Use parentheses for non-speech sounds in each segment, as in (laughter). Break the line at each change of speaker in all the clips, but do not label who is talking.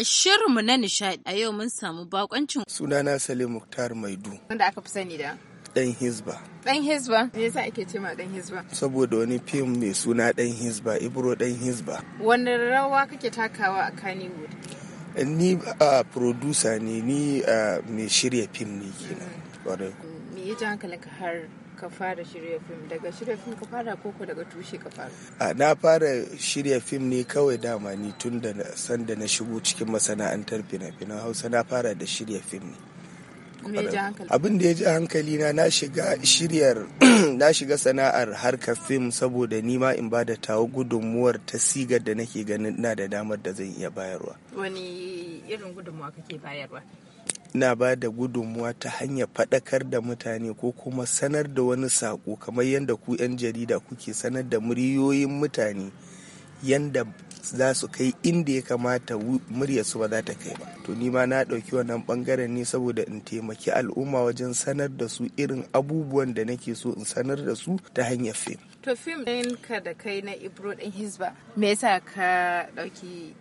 A shirinmu na nishadi a yau mun samu bakoncin sunana
Salim Muktar Maidu.
Wanda aka fi sani da?
Dan Hizba.
Dan Hizba? Me yasa ake ce ma Dan Hizba?
Saboda wani fim mai suna Dan Hizba, Ibro Dan Hizba.
Wani rawa kake takawa a Kannywood?
Ni a producer ne, ni mai shirya fim ne kenan. Mm. Mm.
Me ya ji hankalinka har ka fara shirya fim daga shirya fim ka fara koko daga tushe ka
fara na fara shirya fim ne kawai dama ni tun da san da na shigo cikin masana'antar fina-finan hausa na fara da shirya fim ne abin da ya ji hankali na na shiga shiryar (clears throat) na shiga sana'ar harkar fim saboda ni ma in ba da tawo gudunmuwar ta sigar da nake ganin na da damar da zan iya bayarwa
wani irin gudunmuwa kake bayarwa
na ba da gudunmuwa ta hanyar faɗakar da mutane ko kuma sanar da wani saƙo kamar yadda ku 'yan jarida kuke sanar da muryoyin mutane yadda za su kai inda ya kamata muryarsu ba za ta kai ba to ni ma na ɗauki wannan ɓangaren ne saboda in taimaki al'umma wajen sanar da su irin abubuwan da nake so in sanar da su ta hanyar fim
to fim ɗinka da kai na ibro ɗin hisba me yasa ka ɗauki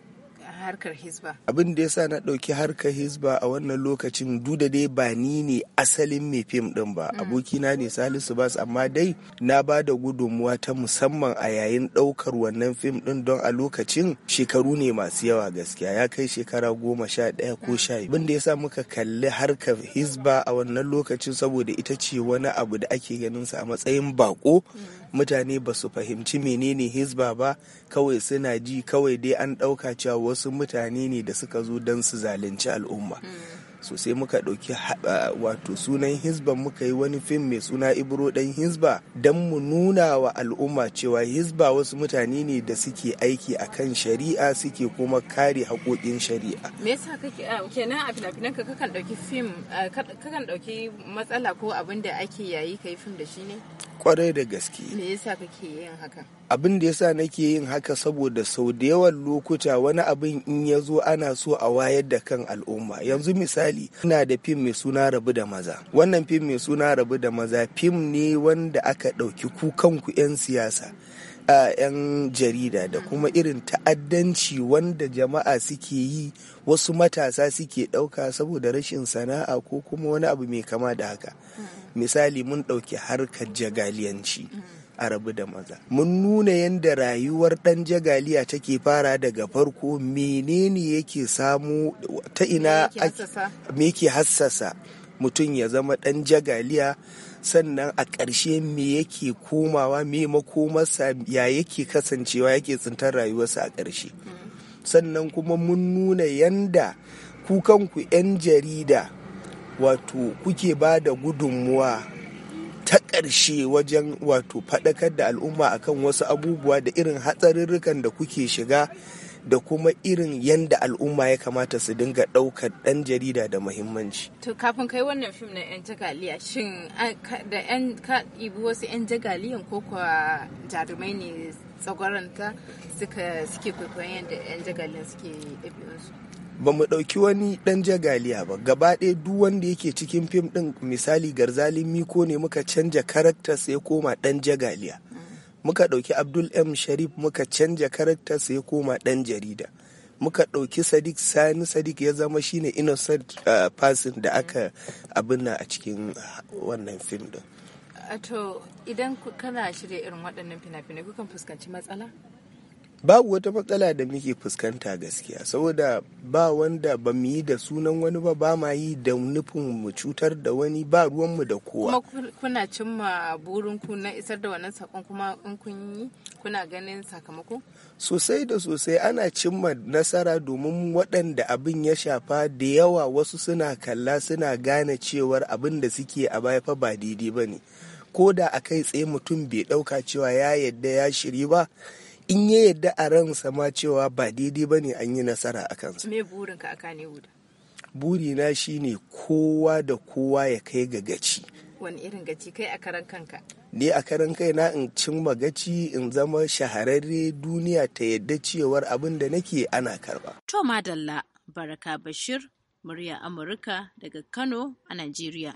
harkar hizba
abin da yasa na ɗauki harkar hizba a wannan lokacin duk da dai ba ni ne asalin mai fim ɗin ba mm. abokina ne salisu bas amma dai na ba da gudunmuwa ta musamman a yayin ɗaukar wannan fim ɗin don a lokacin shekaru ne masu yawa gaskiya ya kai shekara goma sha ɗaya ko sha abin da yasa muka kalli harkar hizba a wannan lokacin saboda ita ce wani abu da ake ganin sa a matsayin bako mm. mutane ba su fahimci menene hizba ba kawai suna ji kawai dai an ɗauka cewa wasu mutane ne da suka zo don su zalunci al'umma mm. so sai muka ɗauki wato sunan hizba muka yi wani fim mai suna ibro ɗan hizba don mu nuna wa al'umma cewa hizba wasu mutane ne da suke aiki a kan shari'a suke kuma kare haƙoƙin shari'a
me yasa ah, kenan a fina-finan ka kakan ɗauki ah, ɗauki matsala ko abin da ake yayi ka yi fim da shi ne
kwarai da gaske
me yasa kake yin haka
abin da yasa nake yin haka saboda sau da yawan lokuta wani abin in ya zo ana so a wayar da kan al'umma yanzu misali ina da fim mai suna rabu da maza wannan fim mai suna rabu da maza fim ne wanda aka ɗauki ku 'yan siyasa 'yan jarida da kuma irin ta'addanci wanda jama'a suke yi wasu matasa suke ɗauka saboda rashin sana'a ko kuma wani abu mai kama da haka misali mun ɗauki harkar jagaliyanci a rabu da maza mun nuna yadda rayuwar ɗan jagaliya take fara daga farko menene yake samu ta ina me yake hassasa mutum ya zama ɗan jagaliya sannan a ƙarshe me yake komawa me makomarsa ya yake kasancewa yake tsintar rayuwarsa a ƙarshe sannan kuma mun nuna yanda kukanku 'yan jarida wato kuke ba da gudunmuwa ta ƙarshe wajen wato faɗakar da al'umma akan wasu abubuwa da irin hatsarurrukan da kuke shiga da kuma irin yanda al'umma ya kamata su dinga ɗaukar ɗan jarida da muhimmanci.
To kafin kai wannan fim na 'yan jagaliya shin da 'yan ka ibi wasu 'yan jagaliyan ko kuwa jarumai ne tsagoranta suka suke kwaikwayon yadda 'yan jagaliyan suke ɗabi'unsu?
ba mu ɗauki wani ɗan jagaliya ba gaba ɗaya duk wanda yake cikin fim ɗin misali garzalin miko ne muka canja karakta sai koma ɗan jagaliya muka ɗauki abdul m sharif muka canja karakta sai ya koma ɗan jarida muka ɗauki sadiq sani sadiq ya zama shine innocent uh, person da aka abinna a cikin uh, wannan fim din
to idan kana shirya irin waɗannan fina-finai kukan fuskanci matsala
babu wata matsala da muke fuskanta gaskiya saboda ba wanda ba mu yi da sunan wani ba ba ma yi da nufin mu cutar da wani ba ruwanmu da kowa
kuma kuna cimma burinku na isar da wannan sakon kuma in kun yi kuna ganin sakamako
sosai da sosai ana cimma nasara domin waɗanda abin ya shafa da yawa wasu suna kalla suna gane cewar abin da suke a baya fa ba daidai ba ne ko da akai kai tsaye mutum bai ɗauka cewa ya yadda ya shiri ba in ya yadda a ransa ma cewa ba daidai ba ne an yi nasara a kansa.
Me burinka a Buri
Burina shi ne kowa da kowa ya kai ga gaci.
Wani irin gaci kai a karan kanka?
Ne a karan kai na in cimma gaci in zama shahararre duniya ta yadda cewar abin da nake ana karba.
To Madalla, Baraka Bashir, murya Amurka daga Kano a Najeriya.